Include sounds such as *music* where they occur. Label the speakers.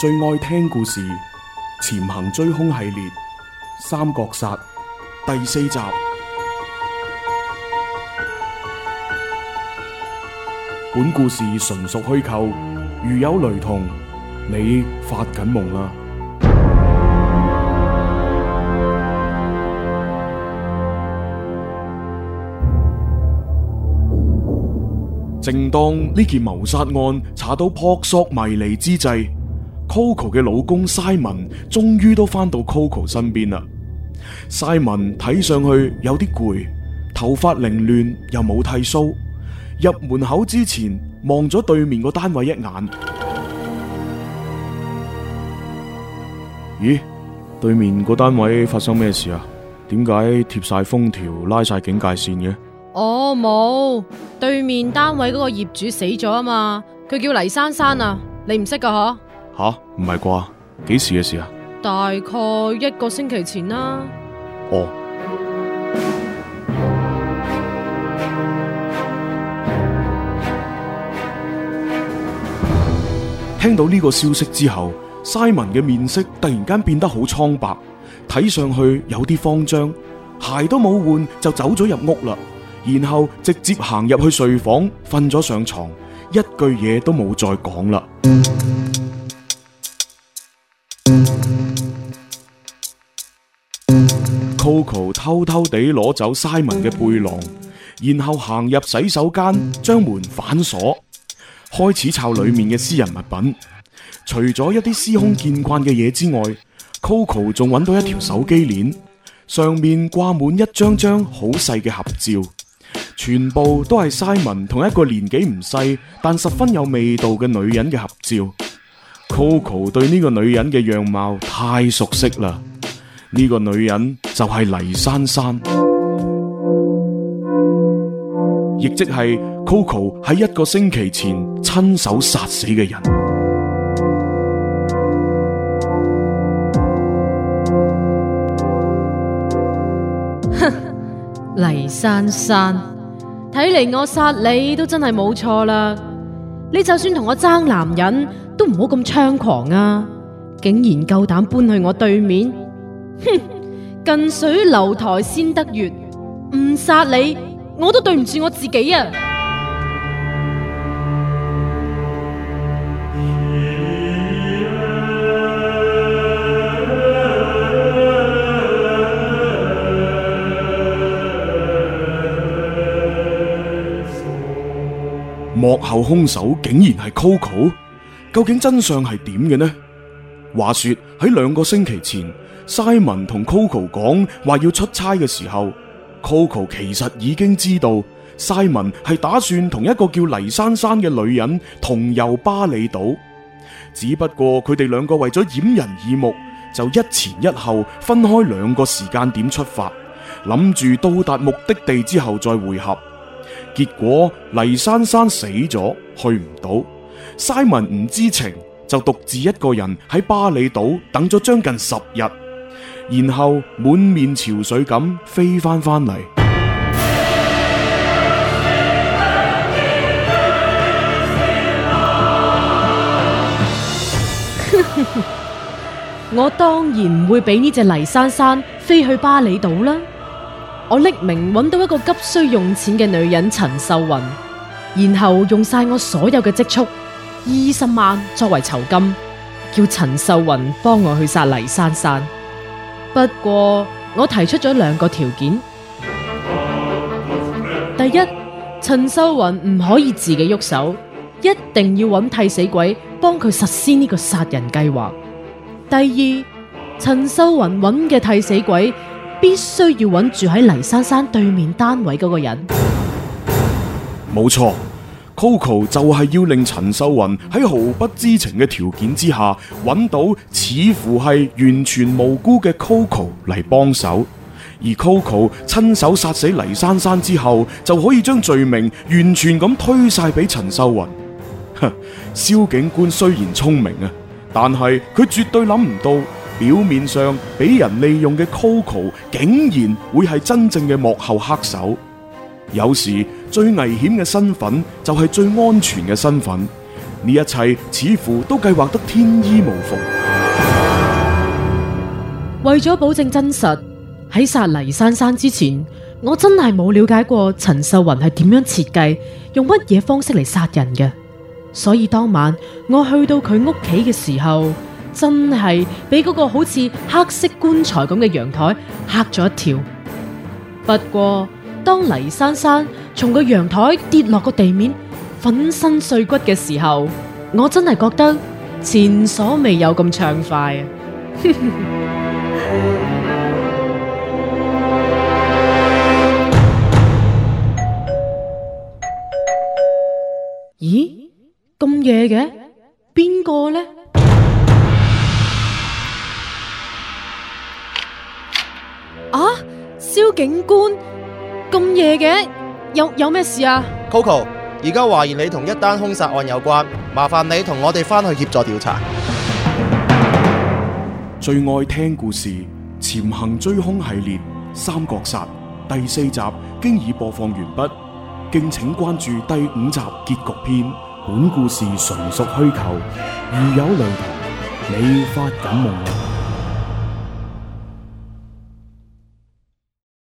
Speaker 1: 最愛聽故事《潛行追凶》系列《三角殺》第四集。本故事純屬虛構，如有雷同，你發緊夢啦！正當呢件謀殺案查到撲朔迷離之際，Coco 嘅老公 Simon 終於都翻到 Coco 身邊啦。Simon 睇上去有啲攰，頭髮凌亂又冇剃鬚。入門口之前望咗對面個單位一眼，咦？對面個單位發生咩事啊？點解貼晒封條、拉晒警戒線嘅？
Speaker 2: 哦，冇對面單位嗰個業主死咗啊嘛，佢叫黎珊珊啊，嗯，你唔識噶呵？
Speaker 1: 吓，唔係啩？幾時嘅事啊？
Speaker 2: 大概一個星期前啦。哦。
Speaker 1: 聽到呢個消息之後，Simon 嘅面色突然間變得好蒼白，睇上去有啲慌張，鞋都冇換就走咗入屋啦。然後直接行入去睡房，瞓咗上床，一句嘢都冇再講啦。嗯 Coco 偷偷地攞走 Simon 嘅背囊，然後行入洗手間，將門反鎖，開始抄裏面嘅私人物品。除咗一啲司空見慣嘅嘢之外，Coco 仲搵到一條手機鏈，上面掛滿一張張好細嘅合照，全部都係 Simon 同一個年紀唔細但十分有味道嘅女人嘅合照。Coco 對呢個女人嘅樣貌太熟悉啦。呢個女人就係黎珊珊，亦即係 Coco 喺一個星期前親手殺死嘅人
Speaker 2: *music* 黎珊珊，睇嚟我殺你都真係冇錯啦！你就算同我爭男人，都唔好咁猖狂啊！竟然夠膽搬去我對面！哼，近水樓台先得月，唔殺你，我都對唔住我自己啊！
Speaker 1: 幕後凶手竟然係 Coco，究竟真相係點嘅呢？話說喺兩個星期前，Simon 同 Coco 講話要出差嘅時候，Coco 其實已經知道 Simon 係打算同一個叫黎珊珊嘅女人同遊巴厘島。只不過佢哋兩個為咗掩人耳目，就一前一後分開兩個時間點出發，諗住到達目的地之後再會合。結果黎珊珊死咗，去唔到，Simon 唔知情。就獨自一個人喺巴厘島等咗將近十日，然後滿面潮水咁飛翻翻嚟。
Speaker 2: 我當然唔會俾呢隻黎山山飛去巴厘島啦！我匿名揾到一個急需用錢嘅女人陳秀雲，然後用晒我所有嘅積蓄。二十萬作為酬金，叫陳秀雲幫我去殺黎珊珊。不過我提出咗兩個條件：第一，陳秀雲唔可以自己喐手，一定要搵替死鬼幫佢實施呢個殺人計劃；第二，陳秀雲搵嘅替死鬼必須要搵住喺黎珊珊對面單位嗰個人。
Speaker 1: 冇錯。Coco 就係要令陳秀雲喺毫不知情嘅條件之下，揾到似乎係完全無辜嘅 Coco 嚟幫手，而 Coco 親手殺死黎珊珊之後，就可以將罪名完全咁推晒俾陳秀雲。呵，蕭警官雖然聰明啊，但係佢絕對諗唔到表面上俾人利用嘅 Coco 竟然會係真正嘅幕後黑手。有時最危險嘅身份就係最安全嘅身份，呢一切似乎都計劃得天衣無縫。
Speaker 2: 為咗保證真實，喺殺黎珊珊之前，我真係冇了解過陳秀云係點樣設計，用乜嘢方式嚟殺人嘅。所以當晚我去到佢屋企嘅時候，真係俾嗰個好似黑色棺材咁嘅陽台嚇咗一跳。不過，當黎珊珊從個陽台跌落個地面，粉身碎骨嘅時候，我真係覺得前所未有咁暢快啊！咦？咁夜嘅，邊個呢？啊，蕭警官！咁夜嘅，有有咩事啊
Speaker 1: ？Coco，而家懷疑你同一單凶殺案有關，麻煩你同我哋翻去協助調查。最愛聽故事《潛行追凶》系列《三角殺》第四集經已播放完畢，敬請關注第五集結局篇。本故事純屬虛構，如有雷同，你發緊夢。啊。